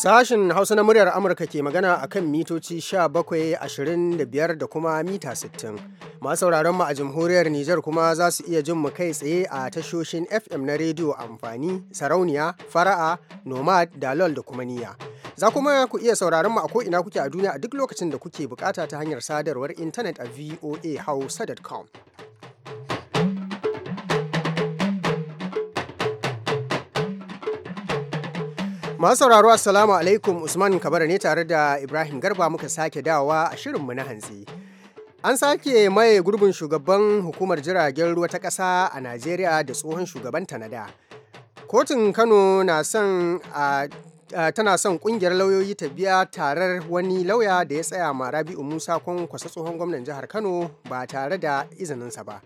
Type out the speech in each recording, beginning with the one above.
Sashen Hausa na muryar Amurka ke magana a kan mitoci 17,25 da kuma mita 60. Masu sauraron mu a jamhuriyar Nijar kuma za su iya jin mu kai tsaye a tashoshin FM na rediyo amfani, sarauniya, fara'a, nomad, dalol da kuma niya. Za kuma ku iya sauraron mu a ko'ina kuke a duniya a duk lokacin da kuke bukata ta hanyar sadarwar intanet a voahausa.com. Masu sauraro Assalamu alaikum Usman Kabara ne tare da Ibrahim Garba muka sake dawowa a shirinmu na hantsi. An sake maye gurbin shugaban hukumar jiragen ruwa ta ƙasa a Najeriya da tsohon shugaban Tanada. Kotun Kano na son a tana son kungiyar lauyoyi ta biya tarar wani lauya da ya tsaya ma rabi'u musa kwasa tsohon gwamnan jihar kano ba tare da izininsa ba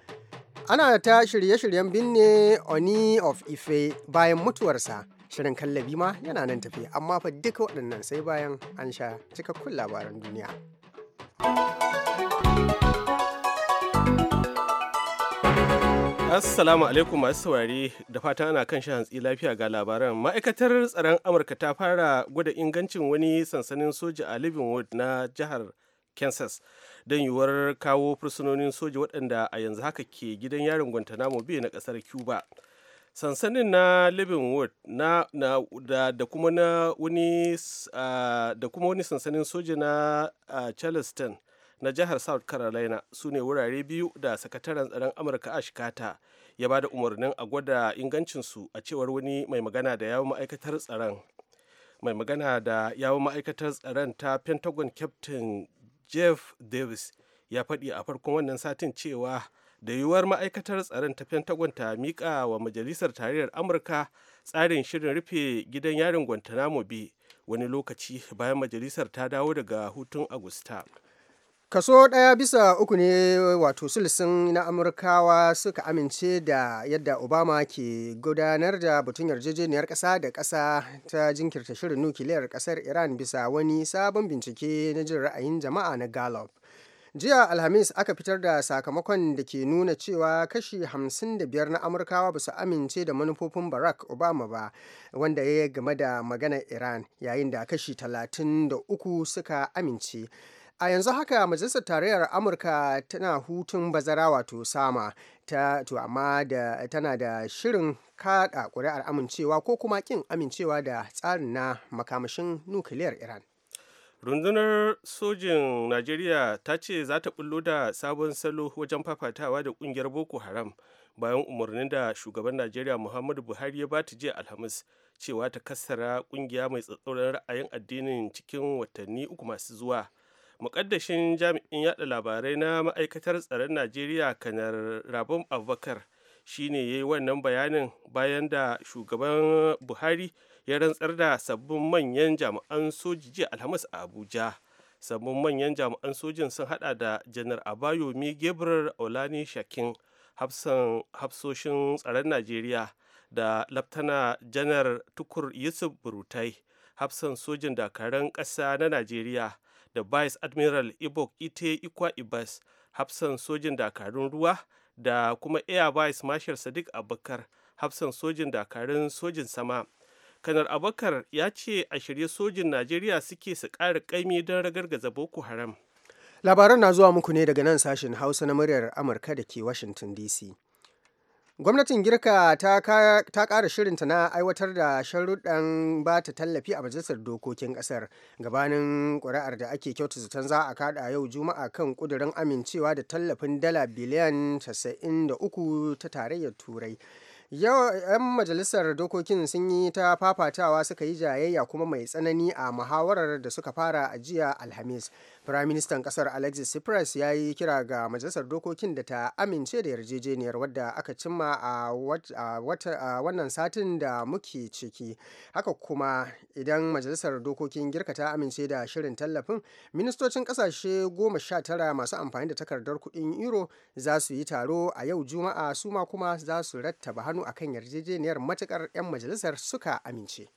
ana ta shirye-shiryen binne oni of ife bayan mutuwarsa Shirin kallabi ma yana nan tafi amma fa duka waɗannan sai bayan an sha cikakkun labaran duniya. Assalamu alaikum masu saurari da fatan ana kan shan hantsi lafiya ga labaran. Ma'aikatar tsaron Amurka ta fara gwada ingancin wani sansanin soja a Livingwood na jihar Kansas don yiwuwar kawo fursunonin soja waɗanda a yanzu haka ke gidan yarin Guantanamo bai na ƙasar Cuba. sansanin na livingwood na, na da, da kuma na wani uh, wani sansanin soja na uh, charleston na jihar south carolina su ne wurare biyu da sakataren tsaron amurka ash carter ya ba da umarnin a gwada ingancinsu a cewar wani mai magana da yawon ma'aikatar tsaron mai magana da yawon ma'aikatar tsaron ta pentagon captain jeff davis ya faɗi a farkon wannan satin cewa da yiwuwar ma'aikatar tsaron ta pentagon ta miƙa wa majalisar tarayyar amurka tsarin shirin rufe gidan yarin guantanamo bi wani lokaci bayan majalisar ta dawo daga hutun agusta kaso ɗaya bisa uku ne wato silisin na amurkawa suka amince da yadda obama ke gudanar da batun yarjejeniyar kasa da kasa ta jinkirta shirin nukiliyar ƙasar iran bisa wani sabon bincike na jin ra'ayin jama'a na gallup jiya alhamis aka fitar da sakamakon da ke nuna cewa kashi 55 na amurkawa ba su amince da manufofin barack obama ba wanda ya yi game da maganar iran yayin da kashi 33 suka amince a yanzu haka majalisar tarayyar amurka tana hutun bazara wato sama ta to amma da tana da shirin kada kuri'ar amincewa ko kuma kin amincewa da tsarin na makamashin nukiliyar iran rundunar sojin najeriya ta ce za ta bullo da sabon salo wajen fafatawa da kungiyar boko haram bayan umarnin da shugaban najeriya muhammadu buhari ya bata jiya alhamis cewa ta kassara kungiya mai tsatsauran ra'ayin addinin cikin watanni uku masu zuwa mukaddashin jami'in yada labarai na ma'aikatar tsaron najeriya kanar rabon abubakar shine ya yi wannan bayanin bayan da shugaban buhari ya rantsar da sabbin manyan jami'an soji jiya alhamis a abuja sabbin manyan jami'an sojin sun hada da janar abayomi gabriel olani shakin hafsoshin tsaron najeriya da laftana janar tukur yusuf burutai hafsan sojin dakaran ƙasa na najeriya da vice admiral ibok ite ikwa ibas hafsan sojin dakarun ruwa da kuma air vice marshal sadiq abubakar hafsan sojin dakarun sojin sama kanar abakar ya ce a shirye sojin najeriya suke su ƙara ƙaimi don ragargaza boko haram labaran na zuwa muku ne daga nan sashen hausa na muryar amurka da ke washington dc gwamnatin girka ta ƙara shirinta na aiwatar da sharuɗan ba ta tallafi a majalisar dokokin ƙasar gabanin ƙuri'ar da ake kyauta zaton za a kaɗa yau juma'a kan ƙudurin amincewa da tallafin dala biliyan 93 ta tarayyar turai yau 'yan majalisar dokokin sun yi ta fafatawa suka yi jayayya kuma mai tsanani a muhawarar da suka fara a jiya Alhamis. Firaministan kasar Alexis Tsipras ya yi kira ga majalisar dokokin da ta amince da yarjejeniyar wadda aka cimma a wannan satin da muke ciki. Haka kuma idan majalisar dokokin girka ta amince da shirin tallafin, ministocin kasashe goma sha tara masu amfani da takardar kuɗin euro za su yi taro a yau juma'a su ma kuma za su rattaba hannu akan yarjejeniyar matukar 'yan majalisar suka amince.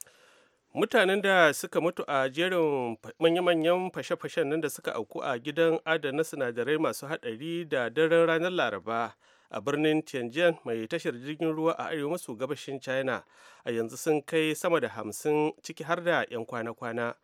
mutanen da suka mutu a jerin manya-manyan fashe-fashen nan da suka auku a gidan adana sinadarai masu hadari da daren ranar laraba a birnin tianjin mai tashar jirgin ruwa a arewa maso gabashin china a yanzu sun kai sama da hamsin ciki har da 'yan kwana-kwana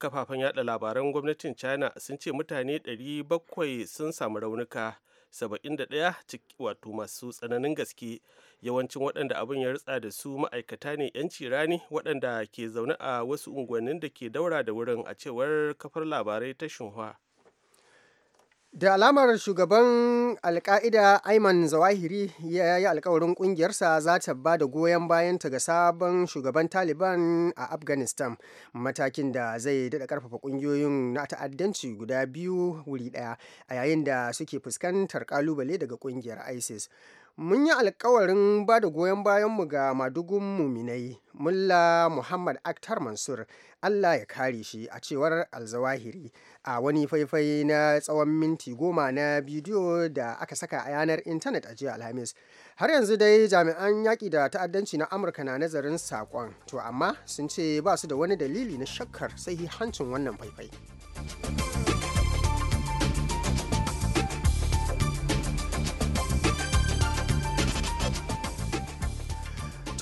kafafen yaɗa labaran gwamnatin china sun ce mutane 700 sun samu raunuka 71 wato masu tsananin gaske yawancin waɗanda abin ya ritsa da su ma'aikata ne 'yanci rani waɗanda ke zaune a wasu unguwannin da ke daura da wurin a cewar kafar labarai ta shinhua da alamar shugaban alka'ida ayman zawahiri ya yi alkawarin kungiyarsa za ta ba da goyon bayanta ga sabon shugaban taliban a afghanistan matakin da zai daɗa karfafa kungiyoyin na ta'addanci guda biyu wuri ɗaya a yayin da suke fuskantar kalubale daga kungiyar isis mun yi alkawarin ba da goyon bayanmu ga madugun muminai mulla muhammad aktar mansur allah ya kare shi a cewar alzawahiri a wani faifai na tsawon minti goma na bidiyo da aka saka a yanar intanet a jiya alhamis har yanzu dai jami'an yaƙi da ta'addanci na amurka na nazarin saƙon to amma sun ce ba su da wani dalili na shakkar sahihancin wannan faifai.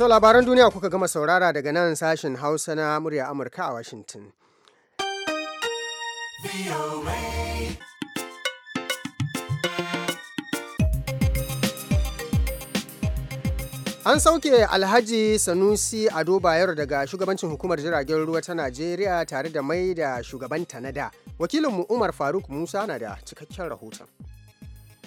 To labaran duniya kuka gama saurara daga nan sashen Hausa na murya Amurka a Washington. An sauke Alhaji Sanusi Ado Bayero daga shugabancin hukumar jiragen ruwa ta Najeriya tare da mai da shugabanta na da. Wakilinmu Umar Faruk Musa na da cikakken rahoton.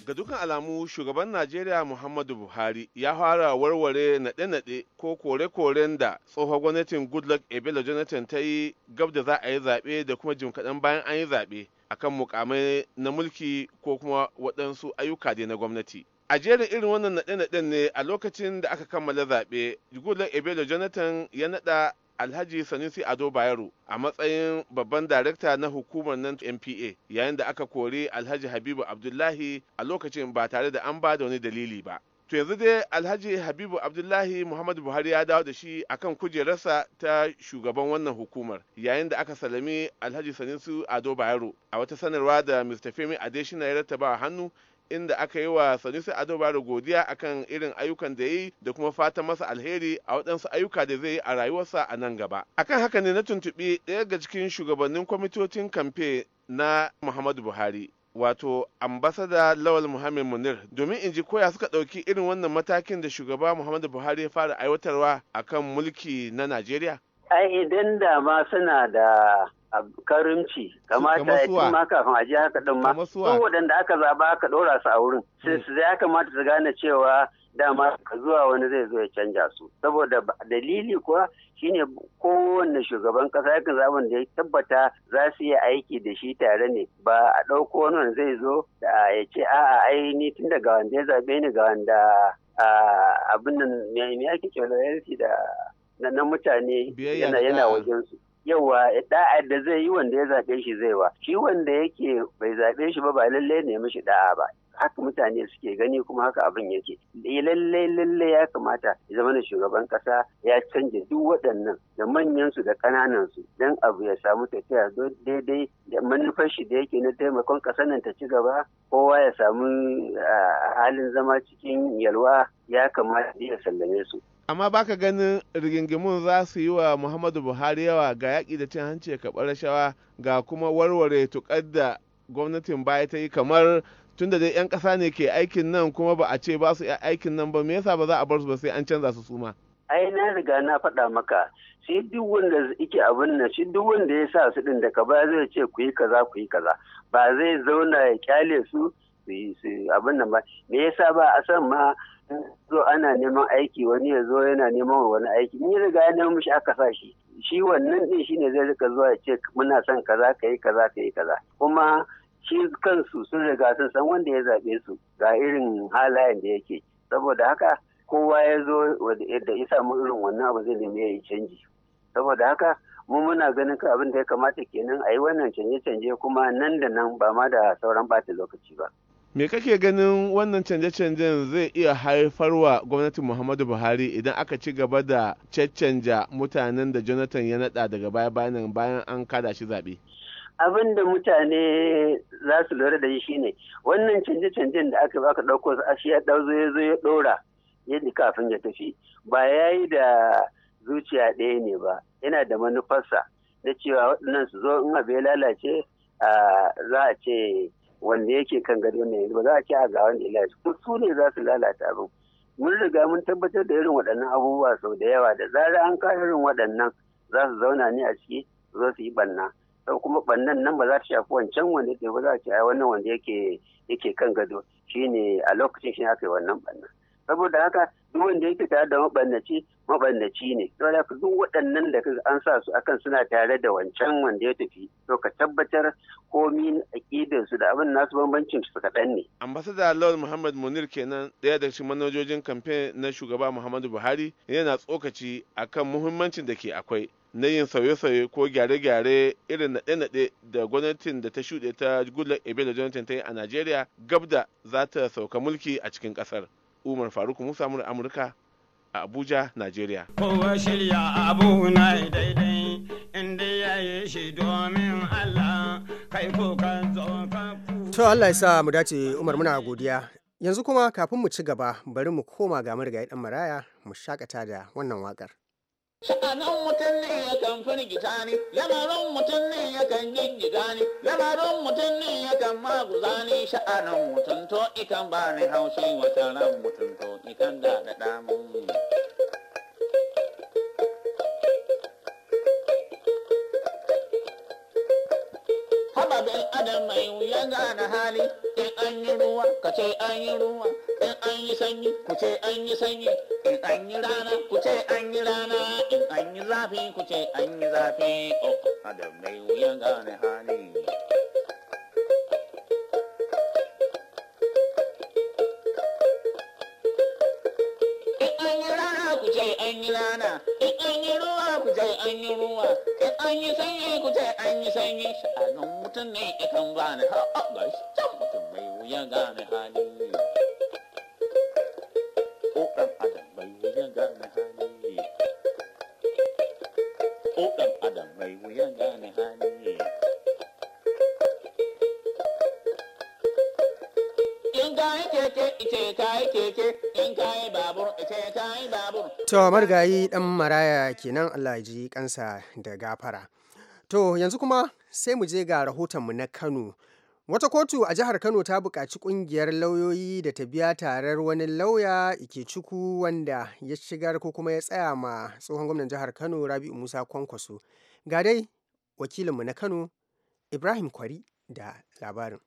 ga dukkan alamu shugaban najeriya muhammadu buhari ya fara warware naɗe-naɗe ko kore-koren da tsohon gwamnatin goodluck ebele jonathan ta yi gab da za a yi zaɓe da kuma jim kaɗan bayan an yi zaɓe akan mukamai na mulki ko kuma waɗansu ayyuka dai na gwamnati a jerin irin wannan naɗe-naɗen ne a lokacin da aka kammala zaɓe goodluck ebele jonathan ya naɗa alhaji sanusi ado bayero a matsayin babban darekta na hukumar nan npa yayin da aka kori alhaji habibu abdullahi a lokacin ba tare da an ba da wani dalili ba to yanzu dai alhaji habibu abdullahi muhammadu buhari ya dawo da shi akan kujerarsa ta shugaban wannan hukumar yayin da aka salami alhaji sanusi ado bayero a wata sanarwa da mr femi adeshina ya rattaba hannu inda aka yi wa sanusi ado baro godiya akan irin ayyukan da ya yi da kuma fatan masa alheri a waɗansu ayyuka da zai yi a rayuwarsa a nan gaba akan haka ne na tuntuɓi ɗaya ga cikin shugabannin kwamitocin kamfe na muhammadu buhari wato ambasada lawal muhammad munir domin in ji koya suka ɗauki irin wannan matakin da shugaba muhammadu buhari ya fara aiwatarwa akan mulki na najeriya ai idan da ma suna da karimci kamata ya cin maka aji haka din ma su waɗanda aka zaba aka ɗora su a wurin sai su hmm. ya kamata su gane cewa dama zuwa wani zai zo ya canja su saboda dalili kuwa shine kowanne shugaban kasa yakan zaben da ya tabbata za su yi aiki da shi tare ne ba a ɗauko wani zai zo da ya ce a'a ai ni tun daga wanda ya zaɓe ni ga wanda abin nan me ake cewa da na mutane yana wajen su yawa eh, da'a da zai yi wanda ya zaɓe shi zai wa shi wanda yake bai zaɓe shi ba ba lallai ne mishi da'a ba haka mutane suke gani kuma haka abin yake lalle eh, lalle ya kamata ya zama shugaban kasa ya canja duk waɗannan da manyan su da ƙananan su dan abu ya samu tafiya daidai da manufar shi da yake na taimakon ƙasar nan ta ci gaba kowa ya samu ah, halin zama cikin yalwa ya kamata ya sallame su amma baka ganin rigingimun za su yi wa muhammadu buhari yawa ga yaƙi da cin hanci ya karɓar rashawa ga kuma warware tukar da gwamnatin baya ta yi kamar tun da dai 'yan ƙasa ne ke aikin nan kuma ba a ce ba su aikin nan ba me yasa ba za a bar su ba sai an canza su suma ai na riga na faɗa maka shi duk wanda yake abin nan shi duk wanda ya sa su din daga baya zai ce ku yi kaza ku yi kaza ba zai zauna ya kyale su abin nan ba me yasa ba a san ma zo ana neman aiki wani ya zo yana neman wani aiki ni riga ya nemo shi aka sa shi shi wannan din shine zai rika zuwa ya ce muna son kaza ka yi kaza ka yi kaza kuma shi kansu sun riga sun san wanda ya zabe su ga irin halayen da yake saboda haka kowa ya zo da ya samu irin wannan abu zai nemi ya yi canji saboda haka mu muna ganin ka abin da ya kamata kenan a yi wannan canje-canje kuma nan da nan ba ma da sauran bata lokaci ba. me kake ganin wannan canje-canjen zai iya haifarwa gwamnatin muhammadu buhari idan aka ci gaba da caccanja mutanen da jonathan ya nada daga baya bayan bayan an kada shi zaɓe abin da mutane za su lura da shi shine wannan canje-canjen da aka baka ɗauko shi ya ɗauzo ya zo ya ɗora yadda kafin ya tafi ba ya yi da zuciya ɗaya ne ba yana da manufarsa na cewa waɗannan su zo in abu ya lalace za a ce wanda yake kan gado ne yanzu ba za a ce a ga wanda ya duk su ne za su lalata abin mun riga mun tabbatar da irin waɗannan abubuwa sau da yawa da zarar an kawo irin waɗannan za su zauna ne a ciki zo su yi banna sau kuma bannan nan ba za ta shafi wancan wanda yake ba za a ce a wannan wanda yake yake kan gado shine a lokacin shi aka yi wannan bannan saboda haka duk wanda yake tare da mabannaci mabannaci ne to da duk waɗannan da an sa su akan suna tare da wancan wanda ya tafi to ka tabbatar komi aƙidar su da abin nasu bambancin su kaɗan ne ambassador Lord Muhammad Munir kenan ɗaya da cikin manajojin kamfen na shugaba Muhammadu Buhari yana tsokaci akan muhimmancin da ke akwai na yin sauye-sauye ko gyare-gyare irin naɗe-naɗe da gwamnatin da ta shuɗe ta Goodluck Ebele Jonathan ta yi a Najeriya Gabda za ta sauka mulki a cikin ƙasar. umar faruk musa mura amurka a abuja nigeria kowa shirya abu na daidai inda ya yi shi domin allah kai ko zo ka to allah ya sa mu dace umar muna godiya yanzu kuma kafin mu ci gaba bari mu koma ga marigayi dan maraya mu shakata da wannan wakar Sha'anin mutum ne ya yakan firgita ne, lamarin mutum ne ya yakan gingida ne, lamarin mutum ne ya kan maguza ne, sha'anin mutum to ikan ba ni haushi wata ran mutum to ikan da da damu da mai wuya gane hali in an yi ruwa ka ce an yi ruwa in an yi sanyi ku ce an yi sanyi in an yi rana ku ce an yi rana in an yi zafi ku ce an yi zafi oh da mai wuya gane hali in an yi rana ku ce an yi rana in an yi ruwa kai an yi ruwa kai an yi sanyi ku ce an yi sanyi sha'anin mutum ne ikan bani ha a ga shi can mutum mai wuya gane halin ko ɗan adam mai wuya gane ne ko ɗan adam mai wuya gane kayi keke kayi keke in kayi babur kayi babur. To marigayi dan maraya kenan Allah ji kansa da gafara. To yanzu kuma sai mu je ga rahotonmu na Kano. Wata kotu a jihar Kano ta buƙaci ƙungiyar lauyoyi da ta biya tarar wani lauya ike cuku wanda ya shigar ko kuma ya tsaya ma tsohon gwamnan jihar Kano Rabi'u Musa Kwankwaso. Ga dai wakilinmu na Kano Ibrahim Kwari da labarin.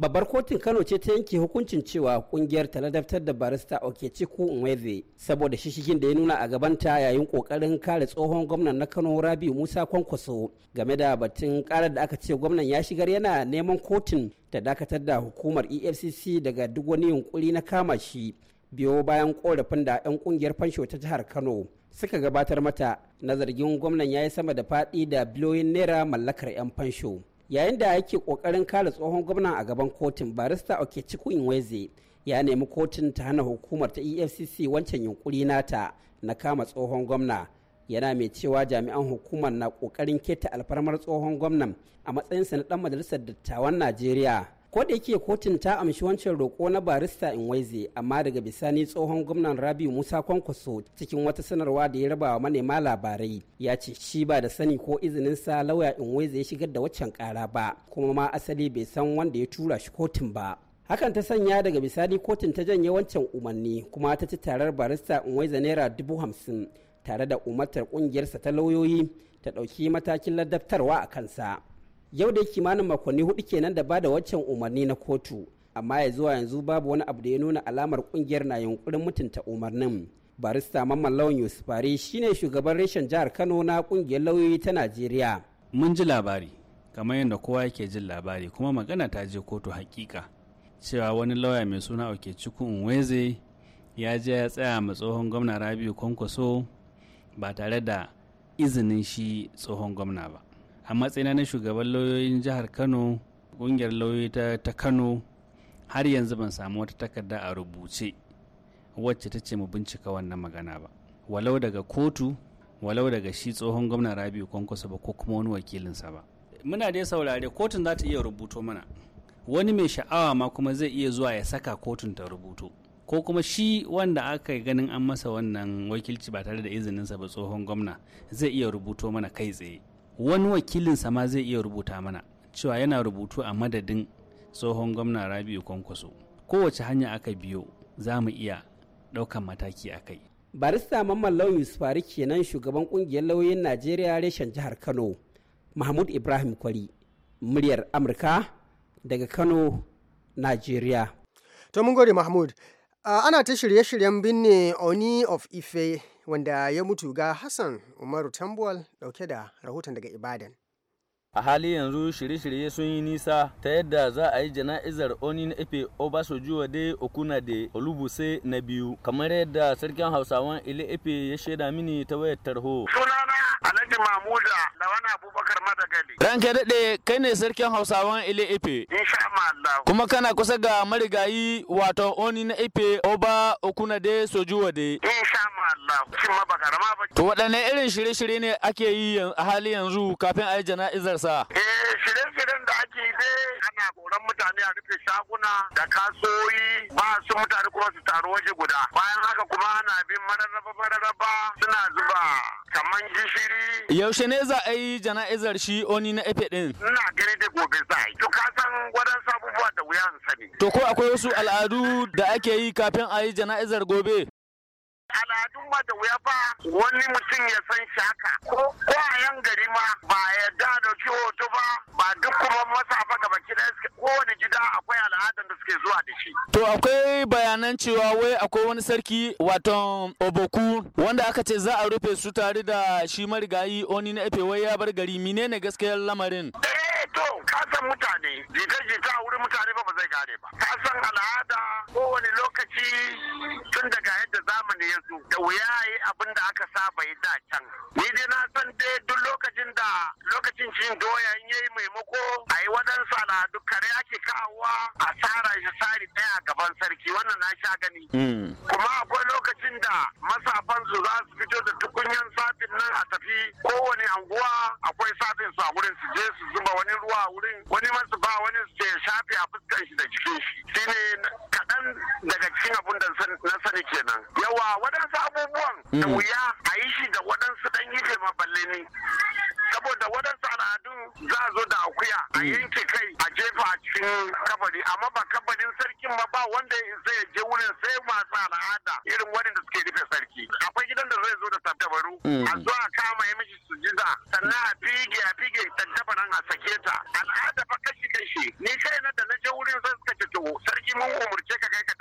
babbar kotun kano ce ta yanke hukuncin cewa kungiyar ta ladabtar da barista ciku nweze saboda shishigin da ya nuna a gabanta yayin kokarin kare tsohon gwamnan na kano rabi musa kwankwaso game da batun karar da aka ce gwamnan ya shigar yana neman kotun ta dakatar da hukumar efcc daga duk wani yunkuri na kama shi biyo bayan korafin da 'yan kungiyar fansho ta jihar kano suka gabatar mata na zargin gwamnan ya yi sama da faɗi da biliyoyin naira mallakar 'yan fansho yayin da yake kokarin kare tsohon gwamna a gaban kotun barista cikin inweze ya nemi kotun ta hana hukumar ta efcc wancan yunkuri nata na kama tsohon gwamna yana mai cewa jami'an hukumar na kokarin keta alfarmar tsohon gwamnan a matsayinsa na dan majalisar dattawan najeriya ko da yake kotun ta amshi wancan roƙo na barista in waize amma daga bisani tsohon gwamnan rabiu musa kwankwaso cikin wata sanarwa da ya raba wa manema labarai ya ce shi ba da sani ko izinin sa lauya in waize ya shigar da waccan ƙara ba kuma ma asali bai san wanda ya tura shi kotun ba hakan ta sanya daga bisani kotun ta janye wancan umarni kuma ta ci tarar barista in waize naira dubu hamsin tare da umartar ƙungiyarsa ta lauyoyi ta ɗauki matakin ladabtarwa a kansa yau da kimanin makonni hudu kenan da bada waccan umarni na kotu amma ya zuwa yanzu babu wani abu da ya nuna alamar kungiyar na yunkurin mutunta umarnin barista mamman lawan yusufari shine shugaban reshen jihar kano na kungiyar lauyoyi ta najeriya mun ji labari kamar yadda kowa yake jin labari kuma magana ta je kotu hakika cewa wani lauya mai suna oke cikun nweze ya je ya tsaya ma tsohon gwamna rabiu kwankwaso ba tare da izinin shi tsohon gwamna ba a matsayina na shugaban lauyoyin jihar kano ƙungiyar lauyoyi ta kano har yanzu ban samu wata takarda a rubuce wacce ta ce mu bincika wannan magana ba walau daga kotu walau daga shi tsohon gwamna rabi kwankwasa ba ko kuma wani wakilinsa ba muna dai saurare kotun za ta iya rubuto mana wani mai sha'awa ma kuma zai iya zuwa ya saka kotun ta rubuto ko kuma shi wanda aka yi ganin an masa wannan wakilci ba tare da izininsa ba tsohon gwamna zai iya rubuto mana kai tsaye wani wakilinsa ma zai iya rubuta mana cewa yana rubutu a madadin tsohon gwamna rabiu kwankwaso kowace hanya aka biyo za mu iya ɗaukan mataki a kai barista mamman lauyi sufari kenan shugaban kungiyar lauyoyin najeriya reshen jihar kano mahmud ibrahim kwari muryar amurka daga kano najeriya to mun gode mahmud ah, ana ta shirye-shiryen binne oni of ife wanda ya mutu ga Hassan Umaru Tambuwal dauke da rahoton daga Ibadan. a hali yanzu shirye-shirye sun yi nisa ta yadda za a yi jana'izar onin efe obasojuwa de okuna de olubuse na biyu kamar yadda sarkin hausawan ile efe ya shaida mini ta wayar tarho Alhaji Mahmuda Lawan Abubakar Madagali. Ranka daɗe kai ne sarkin Hausawan Ile Ife. Insha Allah. Kuma kana kusa ga marigayi wato Oni na Ife Oba Okunade Sojuwade. Insha Allah. Shin ma bakarama ba. To waɗanne irin shirye-shirye ne ake yi a hali yanzu kafin a yi jana'izar sa? Eh shirye-shiryen da ake yi ne ana koran mutane a rufe shaguna da kasuwoyi ba su mutane kuma su taru waje guda. Bayan haka kuma ana bin mararraba mararraba suna zuba kamar gishiri. Yaushe ne za a yi jana'izar shi oni na efe din? Ina gani da gobe za a yi. Tuka san gwadon sabubuwa da wuya sani. To ko akwai wasu al'adu da ake yi kafin a yi jana'izar gobe? al'adun ma da wuya ba wani mutum ya san shi haka ko kwayan gari ma ba ya da ki hoto ba ba duk kuma masa ba da suke kowane gida akwai al'adan da suke zuwa da shi. To akwai bayanan cewa wai akwai wani sarki waton oboku wanda aka ce za a rufe su tare da shi marigayi oni na efe wai ya bar gari menene gaskiyar lamarin. Eh, kan mutane jikar jita a wurin mutane ba ba zai gane ba ka san al'ada kowane lokaci tun daga yadda zamani ya zo da wuya yi abin da aka saba yi da can ni dai na san dai duk lokacin da lokacin cin doya in yayi maimako a yi waɗansu al'adu kare ake kawowa a tsara shi tsari ɗaya a gaban sarki wannan na sha gani hmm. kuma akwai lokacin da masafan su za su fito da tukunyan safin nan a tafi kowane anguwa akwai safin su a wurin su je su zuba wani ruwa a wurin wani masu ba wani su shafe a fuskar shi da jikin shi ne kaɗan daga cikin abun da na sani kenan yawa waɗansu abubuwan da mm. wuya a yi shi da waɗansu ɗan yi ma balle ne saboda waɗansu al'adu za a zo da akuya a mm. yanke kai a jefa a cikin kabari amma ba kabarin sarkin ma ba wanda zai je wurin sai masu al'ada irin wani da suke rufe sarki akwai gidan da zai zo da tattabaru mm. a zo a kama ya mishi sujiza sannan a fige a fige tattabaran a sake ta al'ada ni kai na da na je wurin sai suka ce to sarki mun umurce ka kai ka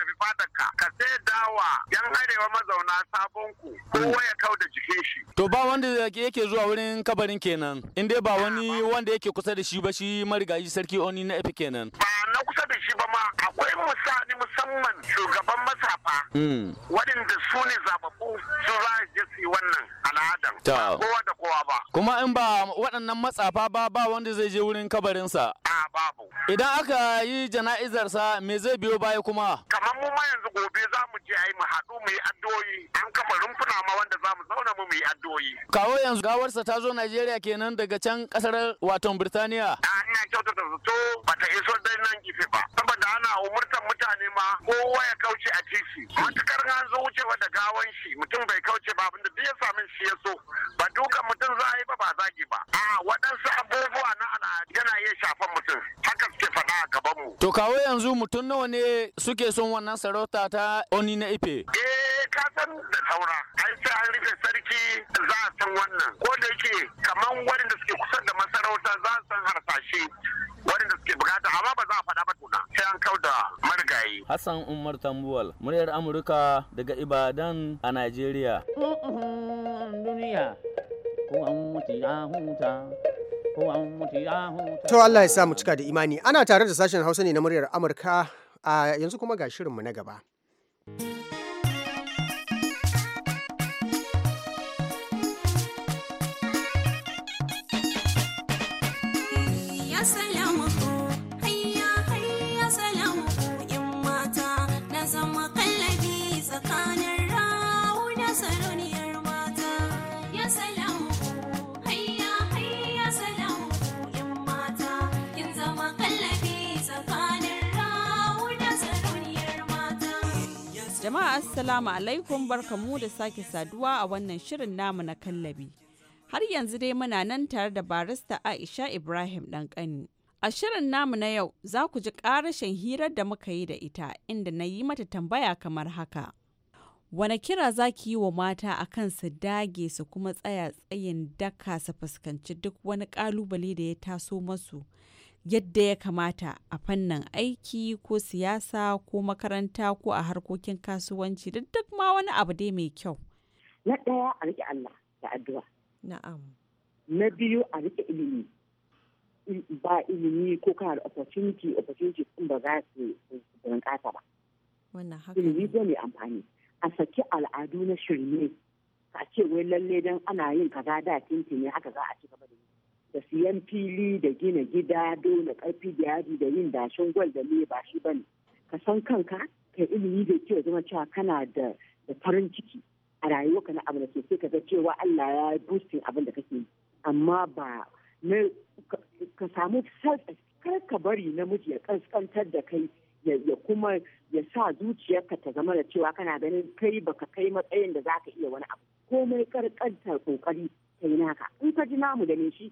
wa yan arewa mazauna sabon ku kowa ya kau da jikin shi. To ba wanda yake zuwa wurin kabarin kenan in dai ba wani wanda yake kusa da shi ba shi marigayi sarki oni na efe kenan. Ba na kusa da shi ba ma akwai musani musamman shugaban masafa. Hmm. Waɗanda su ne zababbu su za je su yi wannan al'adan. Ba kowa da kowa ba. Kuma in ba waɗannan matsafa ba ba wanda zai je wurin kabarinsa. A babu. Idan aka yi jana'izarsa me zai biyo baya kuma? Kamar mu ma yanzu gobe za mu je a yi mu haɗu mu yi addu'o'i an kafa rumfuna ma wanda za mu zauna mu yi addu'o'i. Kawo yanzu gawarsa ta zo Najeriya kenan daga can ƙasar waton Birtaniya. A ina kyautata zato ta iso dai nan gefe ba. Saboda ana umurtar mutane ma kowa ya kauce a titi. Matukar an zo wucewa da gawan shi mutum bai kauce ba abinda duk ya sami shi ya so. Ba dukan mutum za a yi ba ba zagi ba. A waɗansu abubuwa na ana yana iya shafan mutum. To kawo yanzu mutum nawa ne suke son wannan sarauta ta Oni na Ife? Eh ka san da saura. Ai sai an rufe sarki za a san wannan. Ko da yake kaman wadanda suke kusa da masarauta za su san harsashe wadanda suke bukata amma ba za a faɗa ba tuna sai an kau da marigayi. Hassan Umar Tambuwal, muryar Amurka daga Ibadan a Najeriya. Duniya ko an mutu ya huta. To Allah ya sa mu cika da imani ana tare da sashen Hausa ne na muryar Amurka a yanzu kuma ga shirinmu na gaba. Ya jama'a assalamu alaikum barkamu da sake saduwa a wannan shirin namu na kallabi har yanzu dai muna nan tare da barista aisha ibrahim ɗanƙani a shirin namu na yau za ku ji ƙarashin hirar da muka yi da ita inda na yi mata tambaya kamar haka wane kira za ki yi wa mata a kan su dage su kuma tsaya tsayin daka su fuskanci duk wani ƙalubale da ya taso masu yadda ya kamata a fannin aiki ko siyasa ko makaranta ko a harkokin kasuwanci da duk ma wani abu dai mai kyau. Na ɗaya a riƙe Allah da addu'a. Na'am. Na biyu a riƙe ilimi. Ba ilimi ko kana da opportunity opportunity sun ba za su bunƙasa ba. Wannan haka. Ilimi zai mai amfani. A saki al'adu na shirme. A ce wai lalle dan ana yin kaza da tinti ne haka za a ci gaba da yi. da siyan fili da gina gida dole karfi da yaji da yin dashin gwal da me ba shi bane ka san kanka ka ilimi da kyau zama cewa kana da farin ciki a rayuwa na abu da ke ka ga cewa Allah ya boosting abin da kake amma ba na ka samu self kar ka bari namiji ya kaskantar da kai ya kuma ya sa zuciyarka ta zama da cewa kana ganin kai baka kai matsayin da zaka iya wani abu komai karkantar kokari kai naka in ka ji namu da ne shi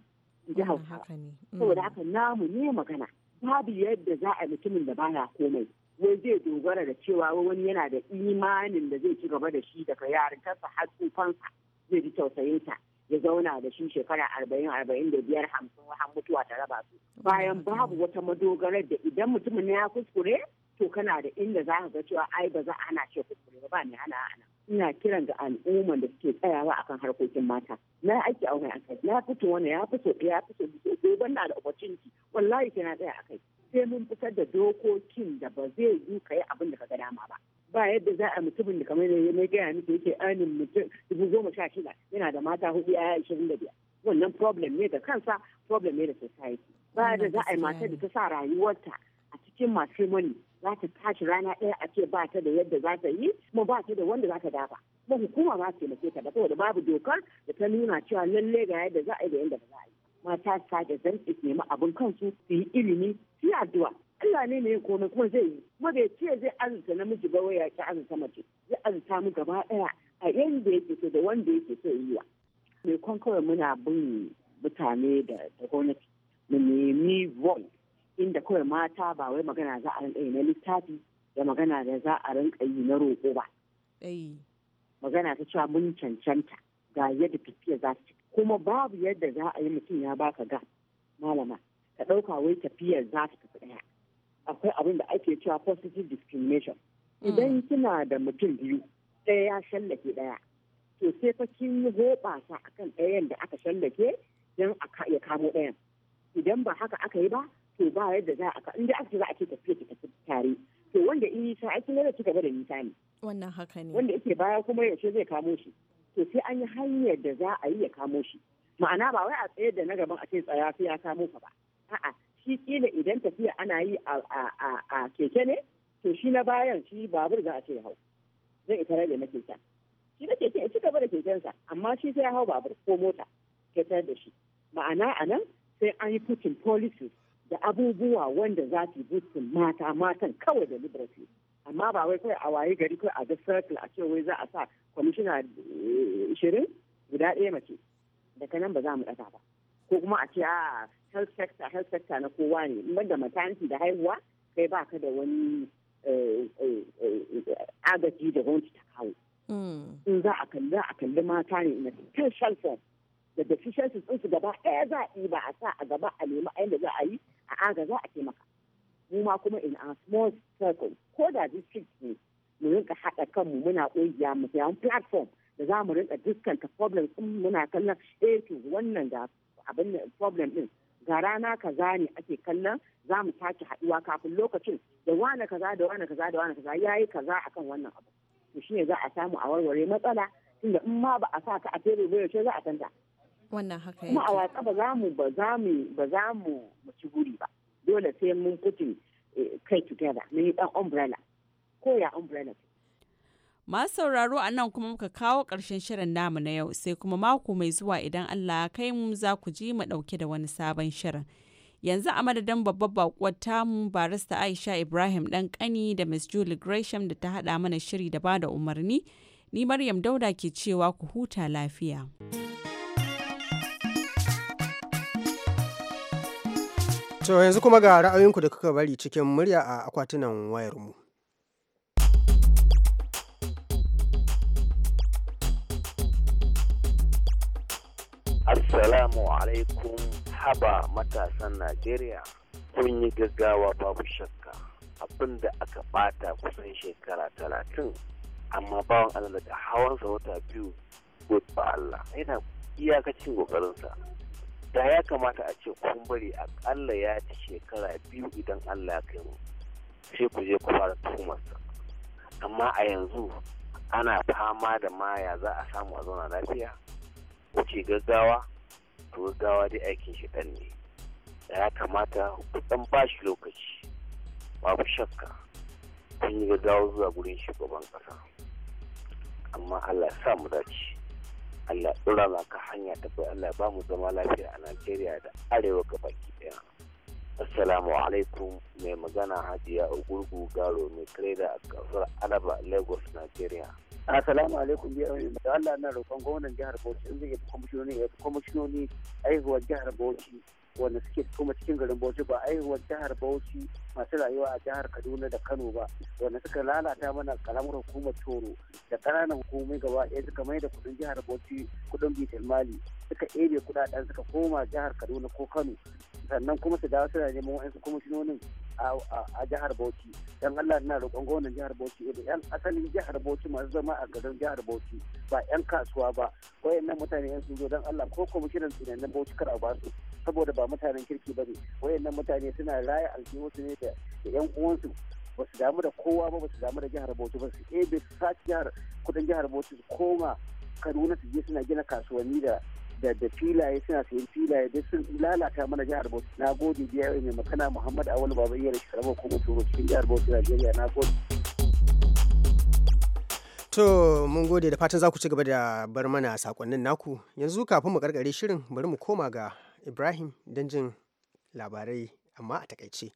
ji hausawa saboda mm. haka namu ne magana babu yadda za a mutumin da baya komai wai zai dogara da cewa wani yana da imanin da zai ci gaba da shi daga yarintarsa har tsufansa zai ji tausayinsa ya zauna da shi shekara arba'in arba'in da biyar hamsin har mutuwa ta raba su bayan babu wata madogarar da idan mutumin ya kuskure to kana da inda za ka ga cewa ai ba za a hana shi kuskure ba ne hana ana ina kiran ga al'umman da suke tsayawa akan harkokin mata na aiki a kai akai na fito wani ya fito ya fito ban banna da opportunity wallahi sai na tsaya kai. sai mun fitar da dokokin da ba zai yi ka yi abin da ga dama ba ba yadda za a mutumin da kamar ya mai gaya miki yake anin mutum dubu goma sha shida yana da mata hudu a ashirin da biyar wannan problem ne da kansa problem ne da society ba yadda za a yi matar da ta sa rayuwarta a cikin matrimony za ta tashi rana ɗaya a ce ba ta da yadda za ta yi kuma ba ta da wanda za ta dafa kuma hukuma ma ce mace ta ba da babu dokar da ta nuna cewa lalle ga yadda za a yi da yadda ba za a yi mata sa da zan su nemi abin kansu su yi ilimi su yi addu'a Allah ne ne komai kuma zai yi kuma bai ce zai azurta namiji ba wai ya ki azurta mace zai azurta mu gaba ɗaya a yanda yake so da wanda yake so yi wa. Mai kwan kawai muna bin mutane da gwamnati mu nemi voice inda kawai mata ba wai magana za a rinka yi na littafi da magana da za a rinka yi na roƙo ba. Magana ta cewa mun cancanta ga yadda tafiya za ta kuma babu yadda za a yi mutum ya baka ga malama ka ɗauka wai tafiyar za ta tafi ɗaya. Akwai abin da ake cewa positive discrimination. Mm. Idan kina da mutum biyu ɗaya ya shallake ɗaya to sai fa kin yi hoɓasa akan ɗayan da aka shallake don ya kamo ɗayan. Idan ba haka aka yi ba to ba yadda za a in dai aka za a ce tafiya ki tafi tare to wanda in aiki ai da ci gaba da nisa ne wannan haka ne wanda yake baya kuma yaushe zai kamo shi to sai an yi hanyar da za a yi ya kamo shi ma'ana ba wai a tsaye da na gaban a ce tsaya sai ya kamo ka ba a'a shi kila idan tafiya ana yi a keke ne to shi na bayan shi babur za a ce hau zai ita rage na keken shi na keke ya ci gaba da kekensa amma shi sai ya hau babur ko mota tare da shi ma'ana anan sai an yi putin policies da abubuwa wanda za su boostin mata matan kawai da liberty amma ba wai kawai a waye gari kawai a ga circle a cewa wai za a sa kwamishina eh, shirin guda ɗaya mace daga nan ba za mu ɗaga ba ko kuma a ce a ah, health sector health sector na kowa ne in da maternity da haihuwa kai ba ka da wani eh, eh, agaji da gwamnati ta kawo hmm. in za a kalli kalli mata ne na cell phone. da deficiencies su gaba ɗaya za a yi ba a sa a gaba a nemi ayin da za a yi a aga za a taimaka mu ma kuma in a small circle ko da district ne mu rinka haɗa kanmu muna ƙungiya mu sayan platform da za mu rinka diskanta problem ɗin muna kallon a eh, to wannan ga abin problem ɗin ga rana kaza ne ake kallon za mu sake haɗuwa kafin lokacin da wane kaza da wane kaza da wane kaza ya yi kaza akan wannan abu to shine za a samu a warware matsala tunda in ma ba a sa ka a tebur ba yaushe za a tanta wannan haka kuma a watsa ba za mu ba za mu ci guri ba dole sai mun kuce eh, kai together mun yi dan umbrella ko ya umbrella Masu sauraro a nan kuma muka kawo ƙarshen shirin namu na yau sai kuma mako mai zuwa idan Allah kai mu za ku ji mu ɗauke da wani sabon shirin. yanzu a madadin babbar bakuwar tamu barista aisha ibrahim ɗan ƙani da miss julie gresham da ta haɗa mana shiri da bada umarni ni maryam dauda ke cewa ku huta lafiya. To yanzu kuma ga ra'ayoyinku da kuka bari cikin murya a akwatunan wayarmu. Assalamu alaikum haba matasan Najeriya. Kun yi gaggawa babu shakka. Abin da aka bata kusan shekara talatin amma bawan Allah da hawansa wata biyu ba Allah yana iyakacin ƙoƙarinsa. da ya kamata a ce kun bari akalla ya ci shekara biyu idan allah ya kai mu sai ku je ku fara tuhumarsa amma a yanzu ana fama da maya za a samu a zauna lafiya wuce gaggawa to gaggawa dai aikin shi ɗan ne da ya kamata ku ba shi lokaci babu shakka kun yi gaggawa zuwa gurin shugaban ƙasa amma allah ya sa mu dace Allah tsura ma ka hanya ta bai Allah ba mu zama lafiya a Najeriya da arewa gabaki daya Assalamu alaikum mai magana Hajiya Ogurgu Garo mai kreda a kasuwar Alaba Lagos Najeriya Assalamu alaikum biyar da Allah na roƙon gwamnan jihar Bauchi in zai yi kwamishinoni aihuwar jihar Bauchi wanda suke kuma cikin garin Bauchi ba a yi wa jihar Bauchi masu rayuwa a jihar Kaduna da Kano ba wanda suka lalata mana kalamar hukumar Toro da ƙananan hukumai gaba ɗaya suka mai da kuɗin jihar Bauchi kuɗin Bitul Mali suka ɗebe kuɗaɗen suka koma jihar Kaduna ko Kano sannan kuma su dawo suna neman wa'ansu kwamishinonin a jihar Bauchi dan Allah na roƙon gwamnan jihar Bauchi da yan asalin jihar Bauchi masu zama a garin jihar Bauchi ba yan kasuwa ba wayannan mutane yan sun zo dan Allah ko kwamishinan tsinan na Bauchi kar a basu. saboda ba mutanen kirki ba ne wayannan mutane suna raya aljihunsu ne da yan uwansu ba su damu da kowa ba ba su damu da jihar bauchi ba su ebe su sace jihar kudin jihar bauchi su koma kaduna su je suna gina kasuwanni da da da filaye suna sayan filaye da sun lalata mana jihar bauchi na gode biya mai makana muhammad awal baba iya da shi kuma turo cikin jihar bauchi najeriya na gode To mun gode da fatan za ku ci gaba da bar mana sakonnin naku yanzu kafin mu karkare shirin bari mu koma ga Ibrahim don jin labarai amma a takaice.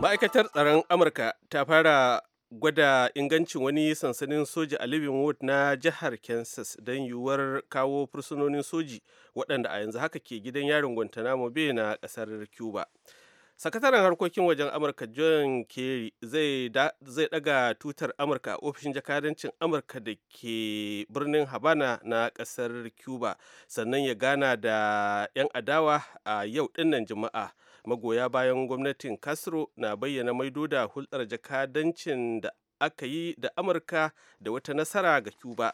Ma'aikatar tsaron Amurka ta fara gwada ingancin wani sansanin soja a Livingwood na jihar Kansas don yiwuwar kawo fursunonin soji waɗanda a yanzu haka ke gidan yarin Guantanamo Bay na ƙasar Cuba. sakataren harkokin wajen amurka john kerry zai daga tutar amurka a ofishin jakadancin amurka da ke birnin habana na kasar cuba sannan ya gana da 'yan adawa a yau dinnan juma'a magoya bayan gwamnatin castro na bayyana maido da hulɗar jakadancin da aka yi da amurka da wata nasara ga cuba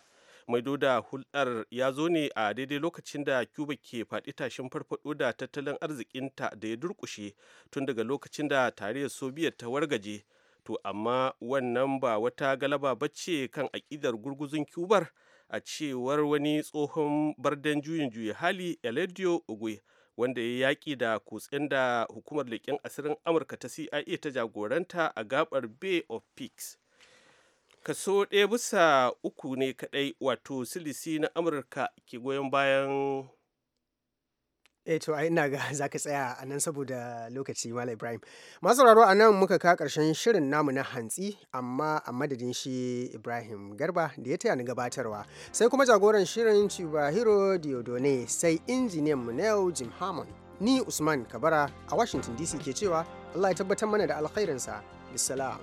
maidoda doda hulɗar ya zo ne a daidai lokacin da cuba ke faɗi tashin farfaɗo da tattalin arzikinta da ya durƙushe tun daga lokacin da tarayyar soviet ta wargaje to amma wannan ba wata galaba ba ce kan aƙidar gurguzun cubar a cewar wani tsohon bardan juyin juya hali eladio ugwe wanda ya yaƙi da kutsen da hukumar leƙen asirin amurka ta cia ta jagoranta a gabar bay of pigs kaso ɗaya bisa uku ne kaɗai wato silisi na amurka ke goyon bayan eh to ai ina ga za ka tsaya a nan saboda lokaci mala ibrahim masu raro a nan muka ka karshen shirin namu na hantsi amma a madadin shi ibrahim garba da ya taya ni gabatarwa sai kuma jagoran shirin chibahiro diodone sai injiniyan mu yau jim hammond ni usman kabara a washington dc ke cewa allah ya tabbatar mana da alkhairinsa bisalam